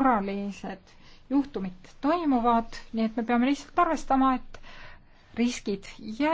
moraalised juhtumid toimuvad, nii et me peame lihtsalt arvestama, et riskid jäävad.